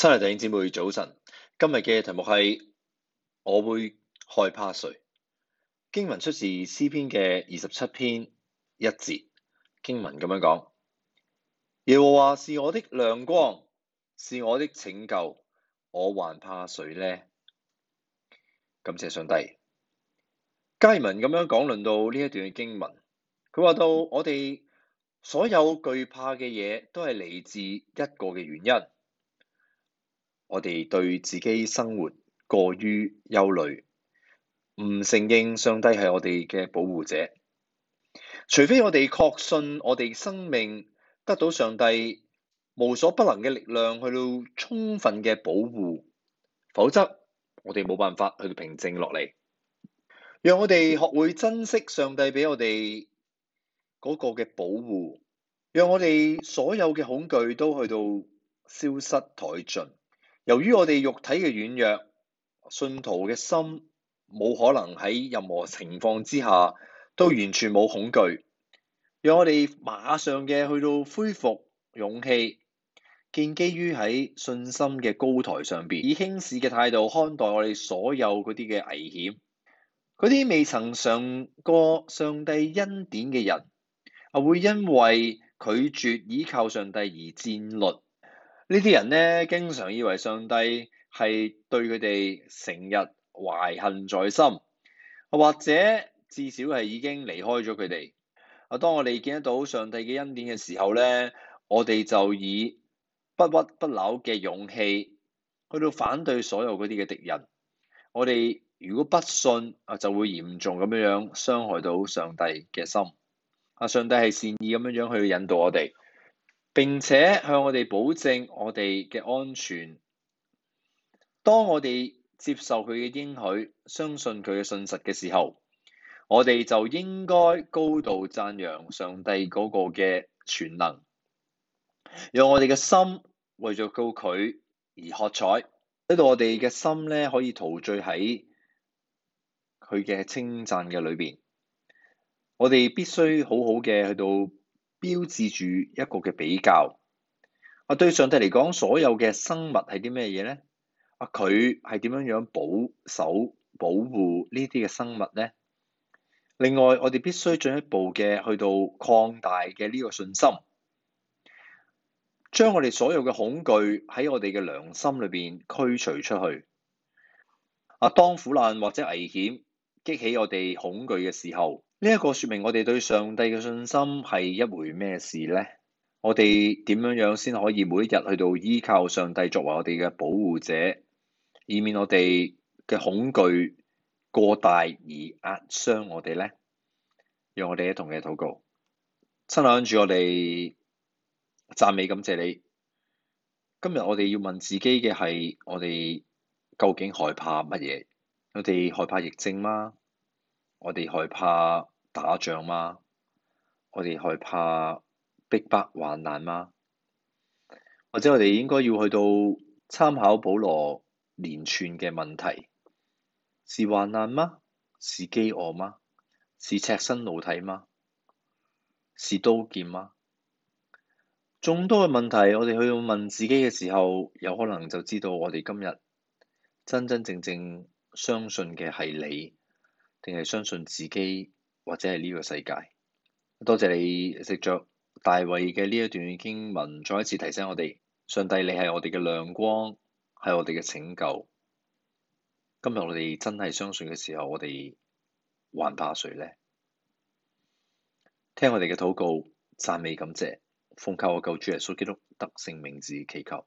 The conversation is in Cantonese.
親愛弟兄姊妹早晨，今日嘅題目係我會害怕誰？經文出自詩篇嘅二十七篇一節，經文咁樣講：耶和華是我的亮光，是我的拯救，我還怕誰呢？感謝上帝。卡爾文咁樣講論到呢一段嘅經文，佢話到我哋所有懼怕嘅嘢都係嚟自一個嘅原因。我哋對自己生活過於憂慮，唔承認上帝係我哋嘅保護者。除非我哋確信我哋生命得到上帝無所不能嘅力量去到充分嘅保護，否則我哋冇辦法去到平靜落嚟。讓我哋學會珍惜上帝俾我哋嗰個嘅保護，讓我哋所有嘅恐懼都去到消失殆盡。由於我哋肉體嘅軟弱，信徒嘅心冇可能喺任何情況之下都完全冇恐懼。讓我哋馬上嘅去到恢復勇氣，建基於喺信心嘅高台上邊，以輕視嘅態度看待我哋所有嗰啲嘅危險。嗰啲未曾嘗過上帝恩典嘅人，會因為拒絕依靠上帝而戰慄。呢啲人呢，經常以為上帝係對佢哋成日懷恨在心，或者至少係已經離開咗佢哋。啊，當我哋見得到上帝嘅恩典嘅時候呢，我哋就以不屈不撓嘅勇氣去到反對所有嗰啲嘅敵人。我哋如果不信啊，就會嚴重咁樣樣傷害到上帝嘅心。啊，上帝係善意咁樣樣去引導我哋。並且向我哋保證我哋嘅安全。當我哋接受佢嘅應許，相信佢嘅信實嘅時候，我哋就應該高度讚揚上帝嗰個嘅全能，讓我哋嘅心為咗告佢而喝彩，令度，我哋嘅心咧可以陶醉喺佢嘅稱讚嘅裏邊。我哋必須好好嘅去到。標誌住一個嘅比較啊！對上帝嚟講，所有嘅生物係啲咩嘢呢？啊，佢係點樣樣保守、保護呢啲嘅生物呢？另外，我哋必須進一步嘅去到擴大嘅呢個信心，將我哋所有嘅恐懼喺我哋嘅良心裏邊驅除出去。啊，當苦難或者危險激起我哋恐懼嘅時候。呢一個說明我哋對上帝嘅信心係一回咩事咧？我哋點樣樣先可以每一日去到依靠上帝作為我哋嘅保護者，以免我哋嘅恐懼過大而壓傷我哋咧？讓我哋一同嘅禱告，親眼住我哋讚美感謝你。今日我哋要問自己嘅係我哋究竟害怕乜嘢？我哋害怕疫症嗎？我哋害怕？打仗嗎？我哋害怕逼迫患難嗎？或者我哋應該要去到參考保羅連串嘅問題，是患難嗎？是飢餓嗎？是赤身裸體嗎？是刀劍嗎？眾多嘅問題，我哋去問自己嘅時候，有可能就知道我哋今日真真正正相信嘅係你，定係相信自己？或者係呢個世界，多謝你藉着大衛嘅呢一段經文，再一次提醒我哋，上帝你係我哋嘅亮光，係我哋嘅拯救。今日我哋真係相信嘅時候，我哋還怕誰呢？聽我哋嘅禱告，讚美感謝，奉靠我救主耶穌基督得勝名字祈求。